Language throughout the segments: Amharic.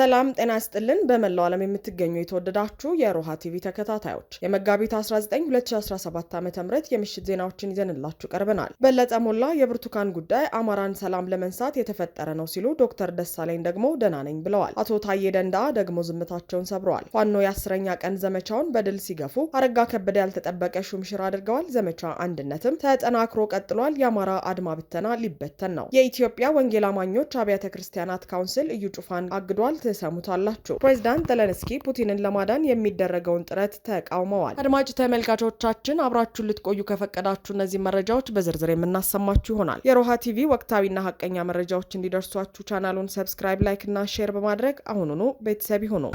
ሰላም ጤና ይስጥልን። በመላው ዓለም የምትገኙ የተወደዳችሁ የሮሃ ቲቪ ተከታታዮች የመጋቢት 19 2017 ዓ ም የምሽት ዜናዎችን ይዘንላችሁ ቀርበናል። በለጠ ሞላ የብርቱካን ጉዳይ አማራን ሰላም ለመንሳት የተፈጠረ ነው ሲሉ ዶክተር ደሳለኝ ደግሞ ደህና ነኝ ብለዋል። አቶ ታዬ ደንዳ ደግሞ ዝምታቸውን ሰብረዋል። ፋኖ የአስረኛ ቀን ዘመቻውን በድል ሲገፉ አረጋ ከበደ ያልተጠበቀ ሹምሽር አድርገዋል። ዘመቻ አንድነትም ተጠናክሮ ቀጥሏል። የአማራ አድማ ብተና ሊበተን ነው። የኢትዮጵያ ወንጌል አማኞች አብያተ ክርስቲያናት ካውንስል እዩ ጩፋን አግዷል። ትሰሙታላችሁ። ፕሬዚዳንት ዘለንስኪ ፑቲንን ለማዳን የሚደረገውን ጥረት ተቃውመዋል። አድማጭ ተመልካቾቻችን አብራችሁን ልትቆዩ ከፈቀዳችሁ እነዚህ መረጃዎች በዝርዝር የምናሰማችሁ ይሆናል። የሮሃ ቲቪ ወቅታዊና ሀቀኛ መረጃዎች እንዲደርሷችሁ ቻናሉን ሰብስክራይብ፣ ላይክ እና ሼር በማድረግ አሁኑኑ ቤተሰብ ይሁኑ።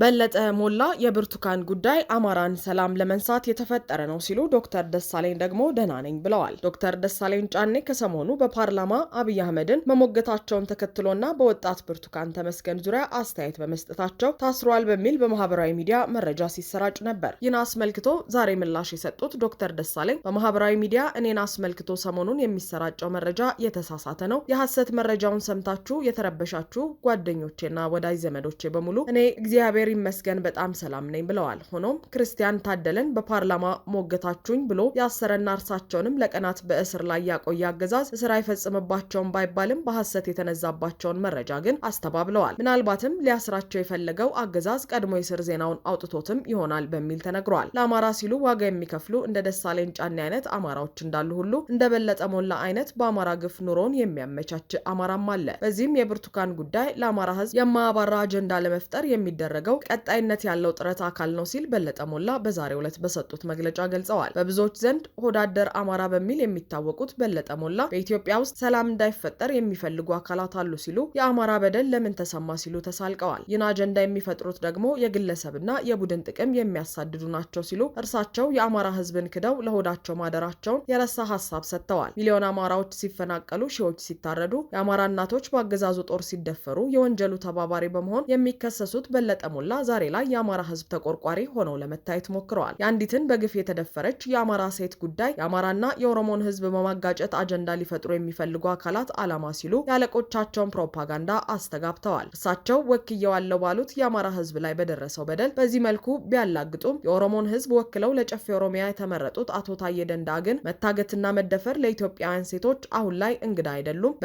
በለጠ ሞላ የብርቱካን ጉዳይ አማራን ሰላም ለመንሳት የተፈጠረ ነው ሲሉ ዶክተር ደሳለኝ ደግሞ ደህና ነኝ ብለዋል። ዶክተር ደሳለኝ ጫኔ ከሰሞኑ በፓርላማ አብይ አህመድን መሞገታቸውን ተከትሎና በወጣት ብርቱካን ተመስገን ዙሪያ አስተያየት በመስጠታቸው ታስሯል በሚል በማህበራዊ ሚዲያ መረጃ ሲሰራጭ ነበር። ይህን አስመልክቶ ዛሬ ምላሽ የሰጡት ዶክተር ደሳለኝ በማህበራዊ ሚዲያ እኔን አስመልክቶ ሰሞኑን የሚሰራጨው መረጃ የተሳሳተ ነው። የሐሰት መረጃውን ሰምታችሁ የተረበሻችሁ ጓደኞቼና ወዳጅ ዘመዶቼ በሙሉ እኔ እግዚአብሔር እግዚአብሔር ይመስገን በጣም ሰላም ነኝ ብለዋል። ሆኖም ክርስቲያን ታደለን በፓርላማ ሞገታችሁኝ ብሎ ያሰረና እርሳቸውንም ለቀናት በእስር ላይ ያቆየ አገዛዝ እስር አይፈጽምባቸውም ባይባልም በሐሰት የተነዛባቸውን መረጃ ግን አስተባብለዋል። ምናልባትም ሊያስራቸው የፈለገው አገዛዝ ቀድሞ የስር ዜናውን አውጥቶትም ይሆናል በሚል ተነግሯል። ለአማራ ሲሉ ዋጋ የሚከፍሉ እንደ ደሳለኝ ጫኔ አይነት አማራዎች እንዳሉ ሁሉ እንደ በለጠ ሞላ አይነት በአማራ ግፍ ኑሮን የሚያመቻች አማራም አለ። በዚህም የብርቱካን ጉዳይ ለአማራ ህዝብ የማያባራ አጀንዳ ለመፍጠር የሚደረገው ቀጣይነት ያለው ጥረት አካል ነው ሲል በለጠ ሞላ በዛሬው ዕለት በሰጡት መግለጫ ገልጸዋል። በብዙዎች ዘንድ ሆዳደር አማራ በሚል የሚታወቁት በለጠ ሞላ በኢትዮጵያ ውስጥ ሰላም እንዳይፈጠር የሚፈልጉ አካላት አሉ ሲሉ የአማራ በደል ለምን ተሰማ ሲሉ ተሳልቀዋል። ይህን አጀንዳ የሚፈጥሩት ደግሞ የግለሰብና የቡድን ጥቅም የሚያሳድዱ ናቸው ሲሉ እርሳቸው የአማራ ሕዝብን ክደው ለሆዳቸው ማደራቸውን የረሳ ሀሳብ ሰጥተዋል። ሚሊዮን አማራዎች ሲፈናቀሉ፣ ሺዎች ሲታረዱ፣ የአማራ እናቶች በአገዛዙ ጦር ሲደፈሩ የወንጀሉ ተባባሪ በመሆን የሚከሰሱት በለጠ ሞላ ሞላ ዛሬ ላይ የአማራ ህዝብ ተቆርቋሪ ሆነው ለመታየት ሞክረዋል። የአንዲትን በግፍ የተደፈረች የአማራ ሴት ጉዳይ የአማራና የኦሮሞን ህዝብ በማጋጨት አጀንዳ ሊፈጥሩ የሚፈልጉ አካላት አላማ ሲሉ የአለቆቻቸውን ፕሮፓጋንዳ አስተጋብተዋል። እሳቸው ወክየዋለው ባሉት የአማራ ህዝብ ላይ በደረሰው በደል በዚህ መልኩ ቢያላግጡም የኦሮሞን ህዝብ ወክለው ለጨፌ ኦሮሚያ የተመረጡት አቶ ታዬ ደንዳ ግን መታገትና መደፈር ለኢትዮጵያውያን ሴቶች አሁን ላይ እንግዳ አይደሉም።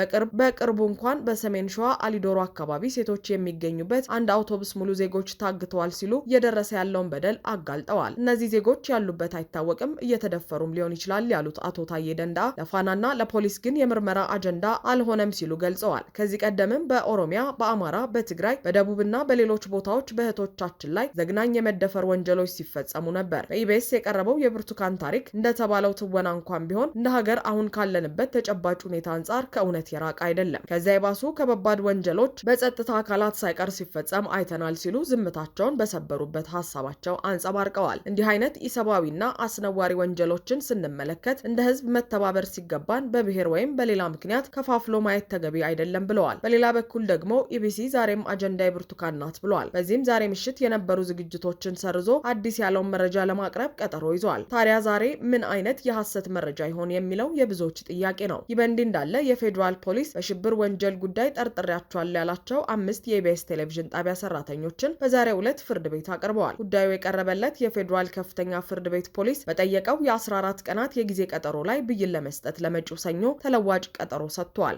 በቅርቡ እንኳን በሰሜን ሸዋ አሊዶሮ አካባቢ ሴቶች የሚገኙበት አንድ አውቶቡስ ሙሉ ዜጎች ዜጎች ታግተዋል ሲሉ እየደረሰ ያለውን በደል አጋልጠዋል። እነዚህ ዜጎች ያሉበት አይታወቅም፣ እየተደፈሩም ሊሆን ይችላል ያሉት አቶ ታዬ ደንዳ ለፋናና ለፖሊስ ግን የምርመራ አጀንዳ አልሆነም ሲሉ ገልጸዋል። ከዚህ ቀደምም በኦሮሚያ፣ በአማራ፣ በትግራይ፣ በደቡብና በሌሎች ቦታዎች በእህቶቻችን ላይ ዘግናኝ የመደፈር ወንጀሎች ሲፈጸሙ ነበር። በኢቢኤስ የቀረበው የብርቱካን ታሪክ እንደተባለው ትወና እንኳን ቢሆን እንደ ሀገር አሁን ካለንበት ተጨባጭ ሁኔታ አንጻር ከእውነት የራቀ አይደለም። ከዚያ የባሱ ከባባድ ወንጀሎች በጸጥታ አካላት ሳይቀር ሲፈጸም አይተናል ሲሉ ዝምታቸውን በሰበሩበት ሀሳባቸው አንጸባርቀዋል። እንዲህ አይነት ኢሰብአዊና አስነዋሪ ወንጀሎችን ስንመለከት እንደ ህዝብ መተባበር ሲገባን በብሔር ወይም በሌላ ምክንያት ከፋፍሎ ማየት ተገቢ አይደለም ብለዋል። በሌላ በኩል ደግሞ ኢቢሲ ዛሬም አጀንዳ የብርቱካን ናት ብለዋል። በዚህም ዛሬ ምሽት የነበሩ ዝግጅቶችን ሰርዞ አዲስ ያለውን መረጃ ለማቅረብ ቀጠሮ ይዟል። ታዲያ ዛሬ ምን አይነት የሐሰት መረጃ ይሆን የሚለው የብዙዎች ጥያቄ ነው። ይህ በእንዲህ እንዳለ የፌዴራል ፖሊስ በሽብር ወንጀል ጉዳይ ጠርጥሬያቸዋለሁ ያላቸው አምስት የኢቢኤስ ቴሌቪዥን ጣቢያ ሰራተኞችን በዛሬው ዕለት ፍርድ ቤት አቅርበዋል። ጉዳዩ የቀረበለት የፌዴራል ከፍተኛ ፍርድ ቤት ፖሊስ በጠየቀው የ14 ቀናት የጊዜ ቀጠሮ ላይ ብይን ለመስጠት ለመጪው ሰኞ ተለዋጭ ቀጠሮ ሰጥቷል።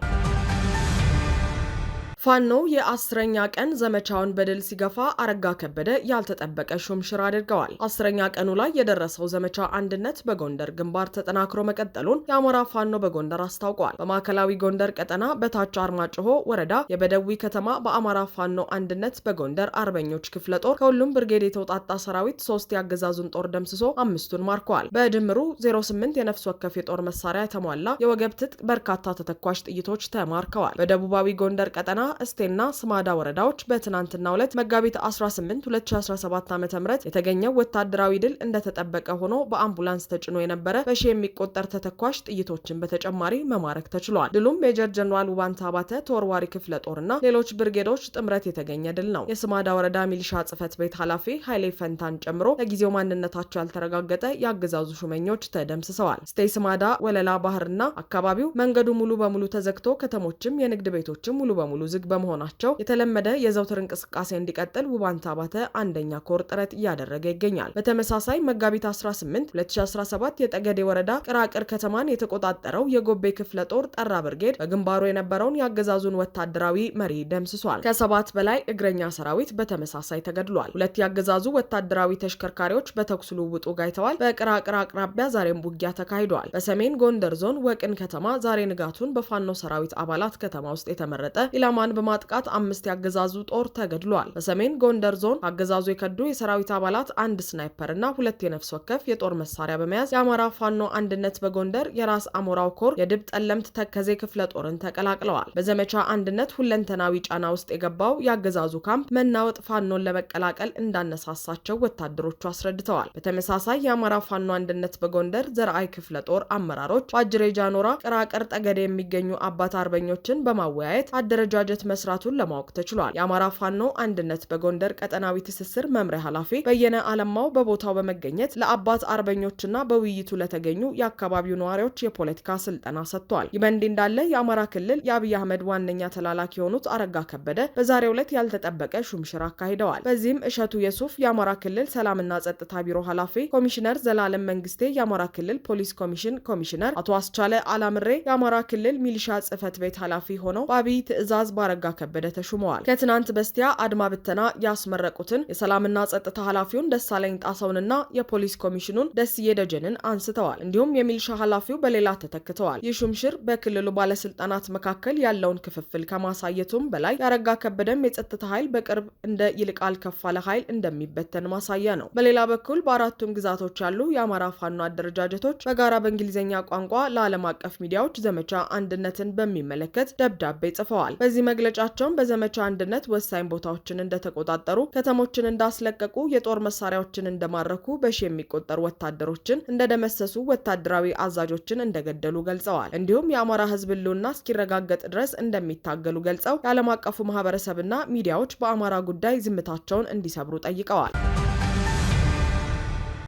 ፋኖ የአስረኛ ቀን ዘመቻውን በድል ሲገፋ አረጋ ከበደ ያልተጠበቀ ሹምሽር አድርገዋል። አስረኛ ቀኑ ላይ የደረሰው ዘመቻ አንድነት በጎንደር ግንባር ተጠናክሮ መቀጠሉን የአማራ ፋኖ በጎንደር አስታውቋል። በማዕከላዊ ጎንደር ቀጠና በታች አርማጭሆ ወረዳ የበደዊ ከተማ በአማራ ፋኖ አንድነት በጎንደር አርበኞች ክፍለ ጦር ከሁሉም ብርጌድ የተውጣጣ ሰራዊት ሶስት የአገዛዙን ጦር ደምስሶ አምስቱን ማርከዋል። በድምሩ 08 የነፍስ ወከፍ የጦር መሳሪያ የተሟላ የወገብ ትጥቅ፣ በርካታ ተተኳሽ ጥይቶች ተማርከዋል። በደቡባዊ ጎንደር ቀጠና እስቴና ስማዳ ወረዳዎች በትናንትናው ዕለት መጋቢት 18 2017 ዓ ም የተገኘው ወታደራዊ ድል እንደተጠበቀ ሆኖ በአምቡላንስ ተጭኖ የነበረ በሺ የሚቆጠር ተተኳሽ ጥይቶችን በተጨማሪ መማረክ ተችሏል። ድሉም ሜጀር ጀኔራል ውባንታ አባተ ተወርዋሪ ክፍለ ጦርና ሌሎች ብርጌዶች ጥምረት የተገኘ ድል ነው። የስማዳ ወረዳ ሚሊሻ ጽህፈት ቤት ኃላፊ ኃይሌ ፈንታን ጨምሮ ለጊዜው ማንነታቸው ያልተረጋገጠ የአገዛዙ ሹመኞች ተደምስሰዋል። ስቴ ስማዳ፣ ወለላ ባህርና አካባቢው መንገዱ ሙሉ በሙሉ ተዘግቶ ከተሞችም የንግድ ቤቶችም ሙሉ በሙሉ ዝግ በመሆናቸው የተለመደ የዘውትር እንቅስቃሴ እንዲቀጥል ውባንታ አባተ አንደኛ ኮር ጥረት እያደረገ ይገኛል። በተመሳሳይ መጋቢት 18 2017 የጠገዴ ወረዳ ቅራቅር ከተማን የተቆጣጠረው የጎቤ ክፍለ ጦር ጠራ ብርጌድ በግንባሩ የነበረውን የአገዛዙን ወታደራዊ መሪ ደምስሷል። ከሰባት በላይ እግረኛ ሰራዊት በተመሳሳይ ተገድሏል። ሁለት የአገዛዙ ወታደራዊ ተሽከርካሪዎች በተኩስ ልውውጡ ጋይተዋል። በቅራቅር አቅራቢያ ዛሬም ውጊያ ተካሂዷል። በሰሜን ጎንደር ዞን ወቅን ከተማ ዛሬ ንጋቱን በፋኖ ሰራዊት አባላት ከተማ ውስጥ የተመረጠ ኢላማን በማጥቃት አምስት ያገዛዙ ጦር ተገድሏል። በሰሜን ጎንደር ዞን አገዛዙ የከዱ የሰራዊት አባላት አንድ ስናይፐር እና ሁለት የነፍስ ወከፍ የጦር መሳሪያ በመያዝ የአማራ ፋኖ አንድነት በጎንደር የራስ አሞራው ኮር የድብ ጠለምት ተከዜ ክፍለ ጦርን ተቀላቅለዋል። በዘመቻ አንድነት ሁለንተናዊ ጫና ውስጥ የገባው የአገዛዙ ካምፕ መናወጥ ፋኖን ለመቀላቀል እንዳነሳሳቸው ወታደሮቹ አስረድተዋል። በተመሳሳይ የአማራ ፋኖ አንድነት በጎንደር ዘርአይ ክፍለ ጦር አመራሮች በአጅሬ ጃኖራ ቅራቅር ጠገዴ የሚገኙ አባት አርበኞችን በማወያየት አደረጃጀት በቅንጅት መስራቱን ለማወቅ ተችሏል። የአማራ ፋኖ አንድነት በጎንደር ቀጠናዊ ትስስር መምሪያ ኃላፊ በየነ አለማው በቦታው በመገኘት ለአባት አርበኞችና በውይይቱ ለተገኙ የአካባቢው ነዋሪዎች የፖለቲካ ስልጠና ሰጥቷል። ይህ በእንዲህ እንዳለ የአማራ ክልል የአብይ አህመድ ዋነኛ ተላላኪ የሆኑት አረጋ ከበደ በዛሬው ዕለት ያልተጠበቀ ሹምሽር አካሂደዋል። በዚህም እሸቱ የሱፍ የአማራ ክልል ሰላምና ጸጥታ ቢሮ ኃላፊ፣ ኮሚሽነር ዘላለም መንግስቴ የአማራ ክልል ፖሊስ ኮሚሽን ኮሚሽነር፣ አቶ አስቻለ አላምሬ የአማራ ክልል ሚሊሻ ጽህፈት ቤት ኃላፊ ሆነው በአብይ ትዕዛዝ አረጋ ከበደ ተሹመዋል። ከትናንት በስቲያ አድማ ብተና ያስመረቁትን የሰላምና ጸጥታ ኃላፊውን ደሳለኝ ጣሰውንና የፖሊስ ኮሚሽኑን ደስዬ ደጀንን አንስተዋል። እንዲሁም የሚልሻ ኃላፊው በሌላ ተተክተዋል። ይህ ሹምሽር በክልሉ ባለስልጣናት መካከል ያለውን ክፍፍል ከማሳየቱም በላይ ያረጋ ከበደም የጸጥታ ኃይል በቅርብ እንደ ይልቃል ከፋለ ኃይል እንደሚበተን ማሳያ ነው። በሌላ በኩል በአራቱም ግዛቶች ያሉ የአማራ ፋኖ አደረጃጀቶች በጋራ በእንግሊዝኛ ቋንቋ ለዓለም አቀፍ ሚዲያዎች ዘመቻ አንድነትን በሚመለከት ደብዳቤ ጽፈዋል። በዚህ መግለጫቸውም በዘመቻ አንድነት ወሳኝ ቦታዎችን እንደተቆጣጠሩ፣ ከተሞችን እንዳስለቀቁ፣ የጦር መሳሪያዎችን እንደማረኩ፣ በሺ የሚቆጠሩ ወታደሮችን እንደደመሰሱ፣ ወታደራዊ አዛዦችን እንደገደሉ ገልጸዋል። እንዲሁም የአማራ ህዝብ ህልውና እስኪረጋገጥ ድረስ እንደሚታገሉ ገልጸው የዓለም አቀፉ ማህበረሰብና ሚዲያዎች በአማራ ጉዳይ ዝምታቸውን እንዲሰብሩ ጠይቀዋል።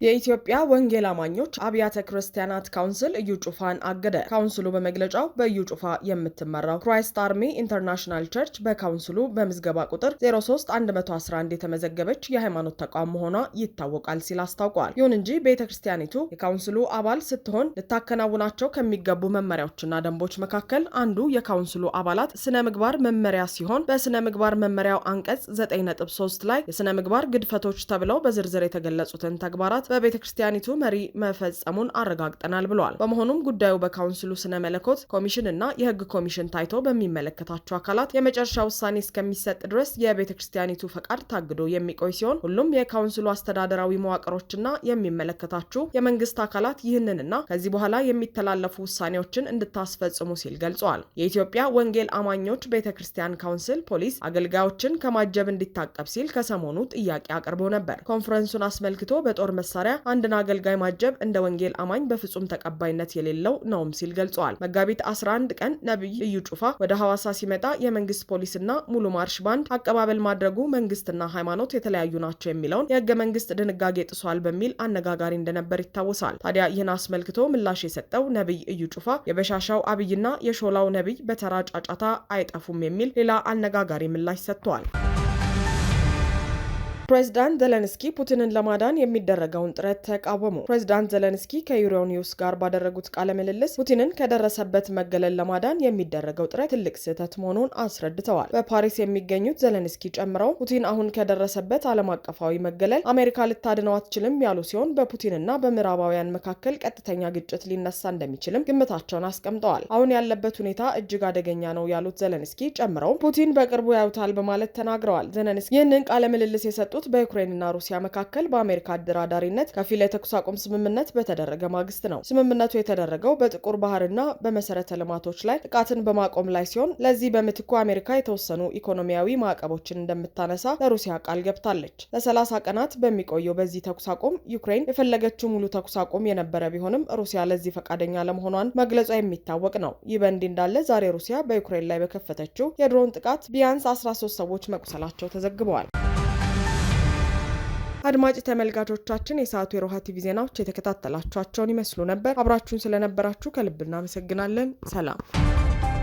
የኢትዮጵያ ወንጌል አማኞች አብያተ ክርስቲያናት ካውንስል እዩ ጩፋን አገደ። ካውንስሉ በመግለጫው በእዩ ጩፋ የምትመራው ክራይስት አርሚ ኢንተርናሽናል ቸርች በካውንስሉ በምዝገባ ቁጥር 03111 የተመዘገበች የሃይማኖት ተቋም መሆኗ ይታወቃል ሲል አስታውቋል። ይሁን እንጂ ቤተ ክርስቲያኒቱ የካውንስሉ አባል ስትሆን ልታከናውናቸው ከሚገቡ መመሪያዎችና ደንቦች መካከል አንዱ የካውንስሉ አባላት ስነ ምግባር መመሪያ ሲሆን በስነ ምግባር መመሪያው አንቀጽ 9.3 ላይ የስነ ምግባር ግድፈቶች ተብለው በዝርዝር የተገለጹትን ተግባራት በቤተ ክርስቲያኒቱ መሪ መፈጸሙን አረጋግጠናል ብለዋል። በመሆኑም ጉዳዩ በካውንስሉ ስነ መለኮት ኮሚሽን እና የህግ ኮሚሽን ታይቶ በሚመለከታቸው አካላት የመጨረሻ ውሳኔ እስከሚሰጥ ድረስ የቤተ ክርስቲያኒቱ ፈቃድ ታግዶ የሚቆይ ሲሆን ሁሉም የካውንስሉ አስተዳደራዊ መዋቅሮችና የሚመለከታችሁ የመንግስት አካላት ይህንንና ከዚህ በኋላ የሚተላለፉ ውሳኔዎችን እንድታስፈጽሙ ሲል ገልጸዋል። የኢትዮጵያ ወንጌል አማኞች ቤተ ክርስቲያን ካውንስል ፖሊስ አገልጋዮችን ከማጀብ እንዲታቀብ ሲል ከሰሞኑ ጥያቄ አቅርቦ ነበር። ኮንፈረንሱን አስመልክቶ በጦር መሳ መሳሪያ አንድን አገልጋይ ማጀብ እንደ ወንጌል አማኝ በፍጹም ተቀባይነት የሌለው ነውም ሲል ገልጸዋል። መጋቢት 11 ቀን ነቢይ እዩ ጩፋ ወደ ሐዋሳ ሲመጣ የመንግስት ፖሊስና ሙሉ ማርሽ ባንድ አቀባበል ማድረጉ መንግስትና ሃይማኖት የተለያዩ ናቸው የሚለውን የህገ መንግስት ድንጋጌ ጥሷል በሚል አነጋጋሪ እንደነበር ይታወሳል። ታዲያ ይህን አስመልክቶ ምላሽ የሰጠው ነቢይ እዩ ጩፋ የበሻሻው አብይና የሾላው ነቢይ በተራ ጫጫታ አይጠፉም የሚል ሌላ አነጋጋሪ ምላሽ ሰጥተዋል። ፕሬዚዳንት ዘለንስኪ ፑቲንን ለማዳን የሚደረገውን ጥረት ተቃወሙ። ፕሬዚዳንት ዘለንስኪ ከዩሮኒውስ ጋር ባደረጉት ቃለ ምልልስ ፑቲንን ከደረሰበት መገለል ለማዳን የሚደረገው ጥረት ትልቅ ስህተት መሆኑን አስረድተዋል። በፓሪስ የሚገኙት ዘለንስኪ ጨምረው ፑቲን አሁን ከደረሰበት ዓለም አቀፋዊ መገለል አሜሪካ ልታድነው አትችልም ያሉ ሲሆን በፑቲንና በምዕራባውያን መካከል ቀጥተኛ ግጭት ሊነሳ እንደሚችልም ግምታቸውን አስቀምጠዋል። አሁን ያለበት ሁኔታ እጅግ አደገኛ ነው ያሉት ዘለንስኪ ጨምረው ፑቲን በቅርቡ ያዩታል በማለት ተናግረዋል። ዘለንስኪ ይህንን ቃለ ምልልስ የሰጡት የወጡት በዩክሬንና ሩሲያ መካከል በአሜሪካ አደራዳሪነት ከፊል የተኩስ አቁም ስምምነት በተደረገ ማግስት ነው። ስምምነቱ የተደረገው በጥቁር ባህርና በመሰረተ ልማቶች ላይ ጥቃትን በማቆም ላይ ሲሆን ለዚህ በምትኩ አሜሪካ የተወሰኑ ኢኮኖሚያዊ ማዕቀቦችን እንደምታነሳ ለሩሲያ ቃል ገብታለች። ለሰላሳ ቀናት በሚቆየው በዚህ ተኩስ አቁም ዩክሬን የፈለገችው ሙሉ ተኩስ አቁም የነበረ ቢሆንም ሩሲያ ለዚህ ፈቃደኛ ለመሆኗን መግለጿ የሚታወቅ ነው። ይህ በእንዲህ እንዳለ ዛሬ ሩሲያ በዩክሬን ላይ በከፈተችው የድሮን ጥቃት ቢያንስ 13 ሰዎች መቁሰላቸው ተዘግበዋል። አድማጭ ተመልጋቾቻችን የሰዓቱ የሮሃ ቲቪ ዜናዎች የተከታተላችኋቸውን ይመስሉ ነበር። አብራችሁን ስለነበራችሁ ከልብ እናመሰግናለን። ሰላም